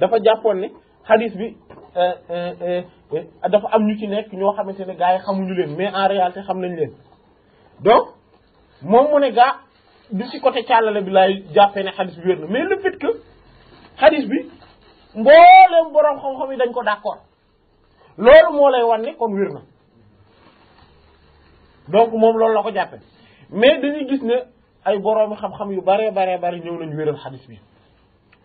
dafa jàppoon ne xadis bi euh, euh, euh, dafa am ñu ci nekk ñoo xamante ne gaa yi xamuñu leen mais en réalité xam nañ leen donc moom mu ne gaa du si côté càllale bi laay jàppee ne xadis bi wér na mais le fit que xadis bi mbooleem boroom xam-xam yi dañ ko d'accord loolu moo lay wan ne kon wér na donc moom loolu la ko jàppe mais dañuy gis ne ay boroomi xam-xam yu bare bare bare ñëw nañ wéral xadis bi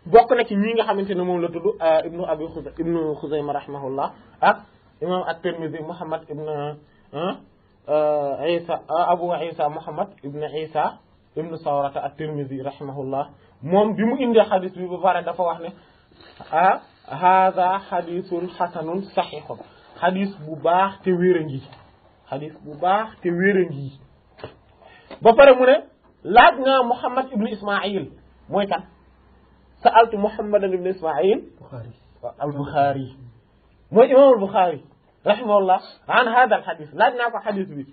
bokk na ci ñi nga xamante ne moom la tudd ibnu abi xuzay ibnu xuzayma rahimahullah ak imam at-tirmidhi muhammad ibnu isa abu isa muhammad ibnu isa ibnu sawrata at-tirmidhi rahimahullah moom bi mu indee xadis bi ba pare dafa wax ne ah haada xadisun xasanun saxiixun xadis bu baax te wér a ngi xadis bu baax te wér a ngi ba pare mu ne laaj naa muhammad ibnu ismail mooy kan سالت محمد بن اسماعيل البخاري مو امام البخاري رحمه الله عن هذا الحديث لا نعرف حديث بي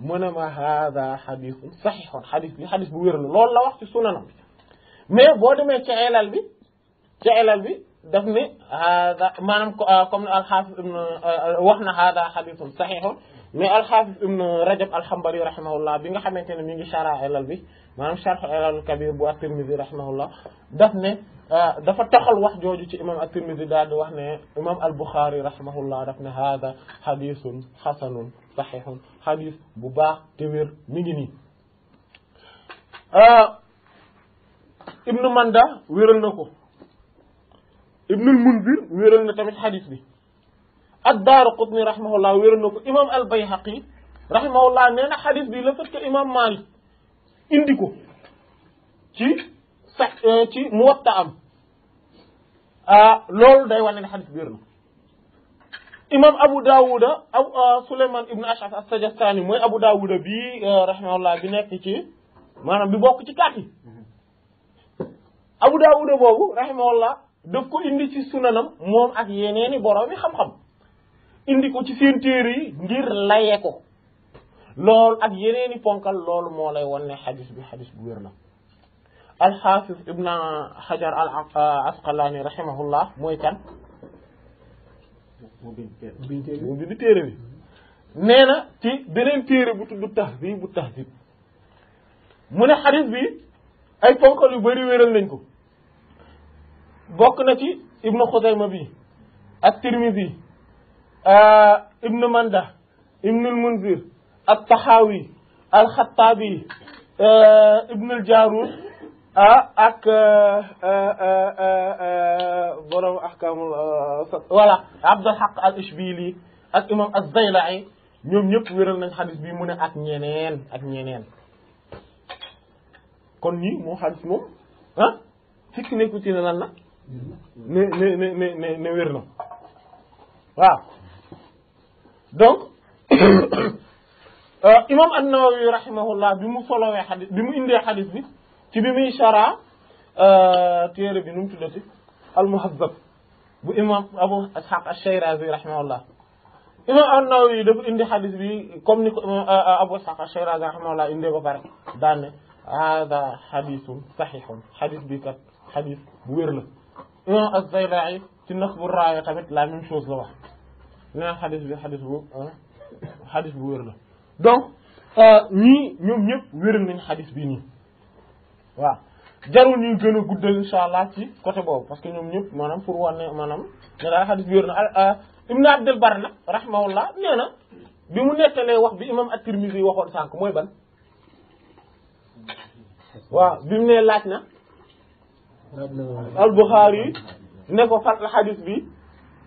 منما هذا حديث صحيح حديث به حديث بوير لول الله وقت سنن نعم. مي بو دمي تي علال بي تي علال بي دافني هذا مانام كوم الحافظ آه، آه، آه، وحنا هذا حديث صحيح mais al alxaafis ibn rajab al khambari rahimahullah bi nga xamantene ne mi ngi chara elal bi maanaam charh elal kabir bu at-tirmidhi rahimahullah daf ne dafa taxal wax joju ci imam at-tirmidhi daal di wax ne imam al-bukhari rahimahullah daf ne hada hadithun hasanun sahihun hadith bu ba te wér mi ngi ni ibn manda wéral nako ibn al munzir wéral na tamit hadith bi ak Daara Qutni rahimahullah wéral na ko imam al Bayhaqi rahimahullah nee na xadis bi le fait que imam indi ko ci sax euh, ci Muwatta am ah loolu day wane ne xadis bi wér na Abu Dawuda aw euh, Souleymane Ibn Ash'ath as-Sajastani mooy Abu Dawuda bii euh, rahimahullah bi nekk ci maanaam bi bokk ci kàtt yi Abu Dawuda boobu rahimahullah daf ko indi ci sunanam moom ak yeneeni boroom yi xam-xam. indi ko ci seen téere yi ngir laye ko lool ak yeneeni ponkal loolu moo lay won ne xadis bi xadis bu wér la alxaafis ibna xajar al asqalaani mooy kan moo téere bi nee ci beneen téere bu tudd tahzib bu tahzib mu ne xadis bi ay ponkal yu bari wéral nañ ko bokk na ci ibnu xusayma bi ak tirmisi Euh, Ibn Manda Ibn al-Munzir at-Tahawi al-Khattabi euh, Ibn al-Jarud ah, ak euh, borom ahkamul voilà Abdul Haq al-Ishbili ak imam az-Zayla'i ñoom ñëpp wéral nañ xadis bi mu ne ak ñeneen ak ñeneen kon ñii moo xadis moom ah fikk nekku ci ne lan la ne ne ne ne ne wér na waaw donc imam an-Nawawi rahimahullah bi mu solowee xadis bi mu indee xadis bi ci bi muy shara téere bi nu mu tuddati al-Muhazzab bu imam Abu Ishaq ash-Shirazi rahimahullah imam an-Nawawi dafa indi xadis bi comme ni ko imam Abu Ishaq ash-Shirazi rahimahullah indee ba pare daane hada xadisun saxiixun xadis bi kat xadis bu wér la imam az-Zayla'i ci Nasbu Raaya tamit la même chose la wax nee xadis bi xadis bu xadis bu wér la donc euh, ñii ñoom ñëpp wéral nañ xadis bi nii waaw jarul ñuy gën a guddal incha allah ci côté boobu parce que ñoom ñëpp maanaam pour wane maanaam ne daal xadis bi wér na euh, Ibn bi mu nettalee wax bi imam at-Tirmidhi waxoon sànk mooy ban waaw bi mu ne laaj na al ne ko fat la xadis bi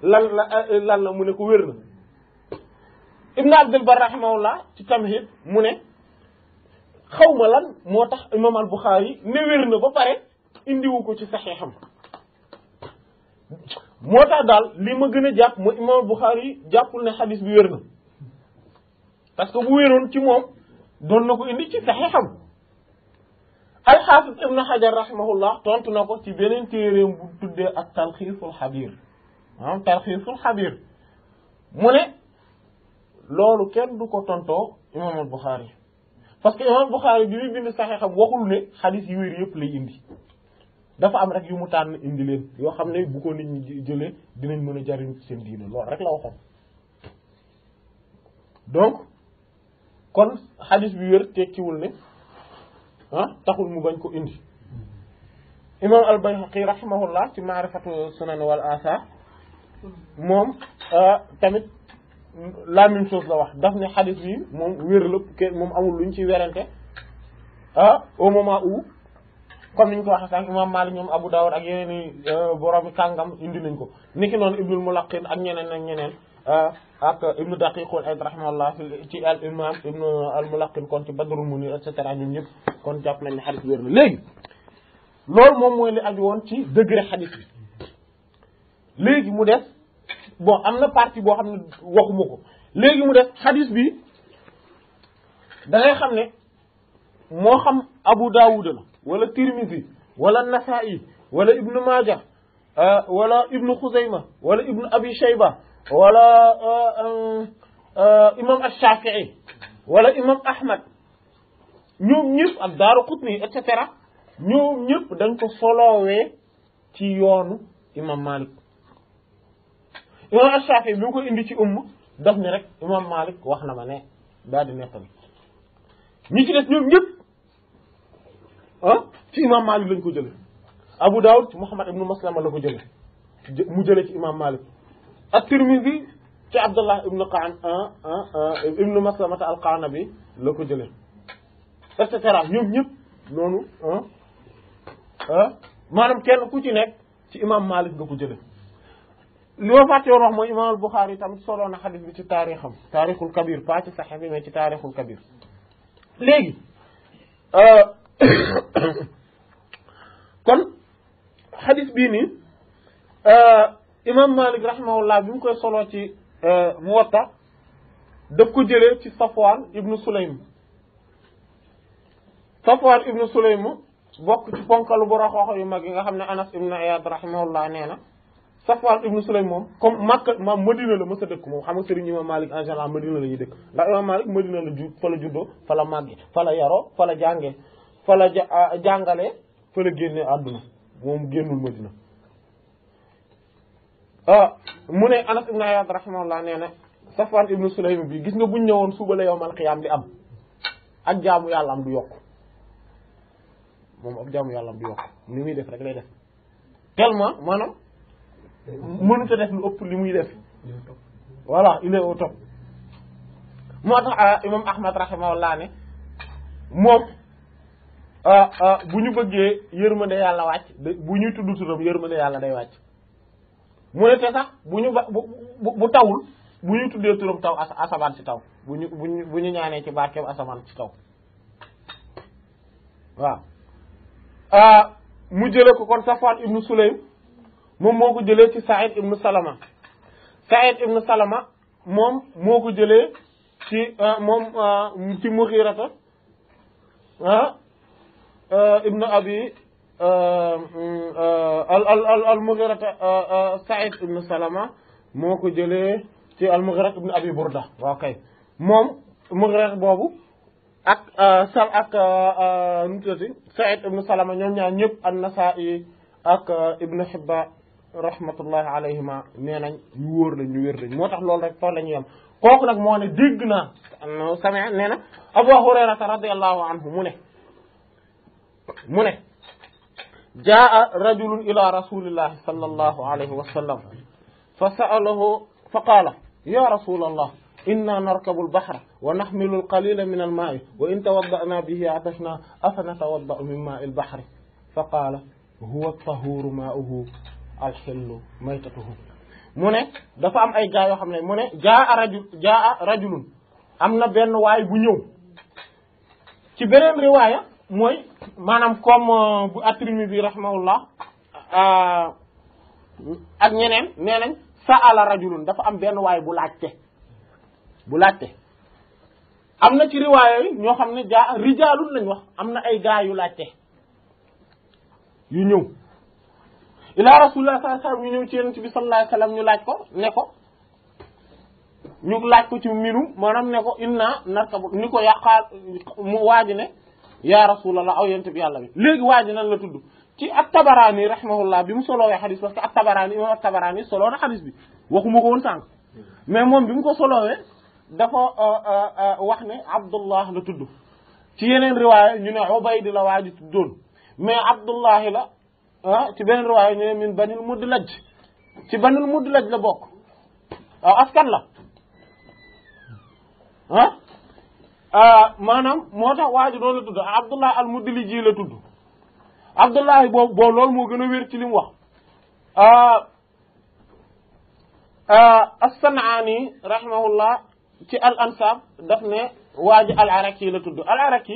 lan la eh, lan la mu ne ko wér na ibn abdul bar rahimahullah ci tamhid mu ne xaw ma lan moo tax imam al buxaari ne wér na ba pare indiwu ko ci saxeexam moo tax daal lii ma gën a jàpp mooy imam al jàppul ne xadis bi wér na parce que bu wéroon ci moom doon na ko indi ci saxeexam alxaafis ibn xajar rahimahullah tontu na ko ci beneen téeréem bu tuddee ak talxiisul xabiir maanaam tarxiiful xabiir mu ne loolu kenn du ko tontoo imaam al-Buxaari parce que imaam al-Buxaari bi muy bind saxee xam waxul ne xadis yu wér yëpp lay indi dafa am rek yu mu tànn indi leen yoo xam ne bu ko nit ñi jëlee dinañ mën a jariñ ci seen diine lool rek la waxoon donc kon xadis bi wér tekkiwul ne ah, taxul mu bañ ko indi imaam al-Bayhaqi rahimahullah ci maarifatu sunan wal athar moom euh, tamit la même chose la wax daf ne xadis bi moom wér la kenn moom amul lu ñu ci werante ah au a où comme ni ñu ko waxee sànq imam Malik ñoom Abu Dawud ak yeneen i euh, borom kàngam indi nañ ko niki noonu Ibnul Mulaqin ak ñeneen ak ñeneen euh, ak Ibnu Daqiq wal Ayd rahimahullah ci al imam Ibnu al Mulaqin kon ci Badrul Munir et cetera ñun ñëpp kon jàpp nañ ne xadis wér la léegi loolu moom mooy li aju woon ci degré xadis bi. léegi mu def bon amna parti bo xamne waxumako ne mu def hadith bi da ngay xamne mo xam Abu daud la wala Tirmidhi wala Nasa'i wala ibn majah wala ibn Xuzayma wala ibn Abi Shayba wala imam Ash-Shafi'i wala imam Ahmad ñoom ñëpp ak daru qutni et cetera ñoom ñëpp dañ ko solo wé ci yoonu imam Malik imam Ash-Shafi'i bi indi ci umm daf ni rek imam Malik wax na ma ne daal di nettali ñi ci des ñoom ñëpp ah, ci imam Malik lañ ko jële Abu Dawud ci Muhammad ibnu Maslama la ko jële mu jële ci imam Malik At-Tirmidhi ci Abdullah ibnu Qa'an ah, ah, ibnu Maslama al-Qa'nabi la ko jële et ñoom ñëpp noonu maanaam kenn ku ci nekk ci imam Malik nga ko jële li ma fàtte woon wax mooy imam al-Bukhari tamit solo na hadith bi ci tarikham tarikhul kabir pa ci saxe bi mais ci tarikhul kabir euh kon hadith bi ni euh imam Malik rahimahullah bi mu koy solo ci euh Muwatta da ko jëlé ci Safwan ibnu Sulaym Safwan ibnu Sulaym bok ci ponkalu bu raxooxo yu mag yi nga xamné Anas ibnu ayyad rahimahullah nee na Safwaan ibnu Sulaym moom comme Makka maam Madina la mës a dëkk moom xam nga sëriñ Imaam Maalik en général Madina la ñuy dëkk ndax Imaam Maalik Madina la ju fa la juddoo fa la màgge fa la yaroo fa la jànge fa la ah, jàngale fa la génne àdduna moom génnul Madina ah, mu ne Anas ibnu Ayyaad rahimahullah nee na Safwaan ibnu Sulaym bi gis nga buñ ñëwoon suba la yawmal qiyaam di am ak jaamu yàlla am du yokk moom ak jaamu yàlla am du yokk ni muy def rek lay def tellement mënut def lu ëpp li muy def voilà il est au top moo tax euh, imam ahmad rahimahullah ne moom euh, euh, bu ñu bëggee yërmande yàlla wàcc bu ñuy tudd turam yërmande yàlla day wàcc mu ne te sax bu ñu ba bu tawul bu ñuy tuddee turam taw asamaan ci taw bu ñu bu ñu ñaanee ci barkeem asamaan ci taw waaw mu jële ko kon Safwan ibnu Sulaym moom moo ko jëlee ci Saïd ibnu Salama Saïd Salama moom moo ko jëlee ci euh, moom euh, ci Muxirata ah euh, ibnu Abi al al al Muxirata Salama moo ko jëlee ci al Muxirata ibnu Abi Burda waaw kay moom Muxirata boobu ak sal ak nu mu tuddati Salama ñoom ñaar ñëpp an-Nasaa'i ak ibnu Hibba rahmatullahi alayhima nee nañ ñu wër lañ ñu wér lañ motax lool rek fa la yam yem nak mo ne dégg na sama nee Abu hurayra radhiyallahu anhu mu ne mu ne jaa rajulun ila rasulillahi sallallahu alayhi wa sallam fa sa'alahu fa qala ya rasulallah inna narkabu wa nahmilu إنا نركب البحر ونحمل القليل من الماء وإن توضأنا به عطشنا أفنتوضأ من fa qala huwa at الطهور ma'uhu alxillu maytatuhum mu ne dafa am ay gaa yoo xam ne mu ne jaa a rajul jaa a rajulun am na benn waay bu ñëw ci beneen riwaaya mooy maanaam comme euh, bu attrimi bi rahimahullah euh, ak ñeneen nee nañ sa'ala rajulun dafa am benn waay bu laajte bu laajte am na ci riwaaya ñoo xam ne jaa rijaalun lañ wax am na ay gaa yu laajte yu ñëw ila rasulullah sallallahu alayhi wasallam ñu ñëw ci yonent bi sallallahu alayhi wasallam ñu laaj ko ne ko ñu laaj ko ci mbirum maanaam ne ko inna narkabu ni ko yàqaal mu waaji ne ya rasulallah aw yonent bi yàlla bi léegi waaji nañ la tudd ci at-Tabarani rahimahullah bi mu solowee xadis parce que at-Tabarani imam at-Tabarani soloo na xadis bi waxuma ko woon mais moom bi mu ko solowee dafa euh, euh, euh, wax ne abdullah la tudd ci yeneen riwaaya ñu ne Ubayd la waaji tuddoon mais abdullahi la ah ci benn riwaaya ñu ne min banil mudlaj ci banil mudlaj la bokk waaw ah, askan la ah, ah maanam moo tax waa ji loolu la tudd Abdullah al mudliji la tudd Abdullah boobu boobu moo gën a wér ci li mu wax ah, as-San'aani rahimahullah ci al ansab daf ne waa ji al araki la tudd al araki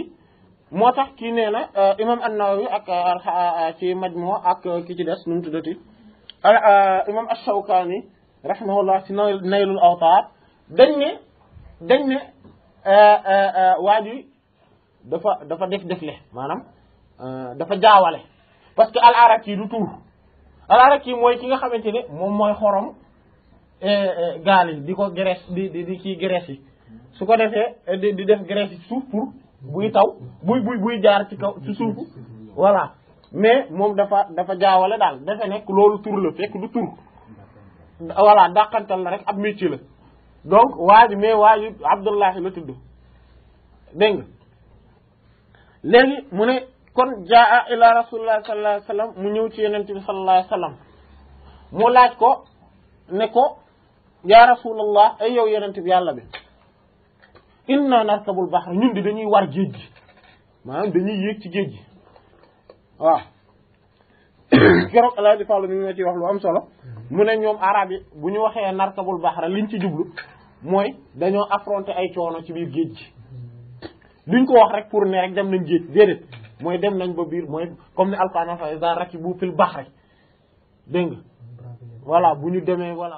moo tax kii nee na euh, imam an-Nawawi ak euh, euh, ci Majmu ak ki ci des nu mu tuddati imam ash-Shawkani rahimahullah ci Naylul Awtar dañ ne dañ ne waa ji dafa dafa def defle maanaam dafa jaawale parce que al-Araki du tur al-Araki mooy ki nga xamante ne moom mooy xorom gaal yi di ko graisse di di kii graisse yi su ko defee di def graisse yi suuf pour buy taw buy buy buy jaar ci kaw ci suuf voilà mais moom dafa dafa jaawale daal dafa nekk loolu tur la fekk du tur voilà dàqantal la rek ab métier la donc waa ji mais waa ji Abdullahi la tudd dégg léegi mu ne kon jaa ila rasulillah sallallahu alayhi mu ñëw ci yeneen bi sallallahu alayhi wasallam mu laaj ko ne ko yaa rasulallah ay yow yeneen bi yàlla bi inna narkabul bahra ñun di dañuy war géej gi am dañuy yéeg ci géej gi waaw keroog El Hadj Fall mi ngi ciy wax lu am solo mu ne ñoom arab yi bu ñu waxee narkabul rek liñ ci jublu mooy dañoo affronter ay coono ci biir géej gi duñ ko wax rek pour ne rek dem nañ géej déedéet mooy dem nañ ba biir mooy comme ni Alxuraan fa iza rakibu fil bahri dégg nga voilà bu ñu demee voilà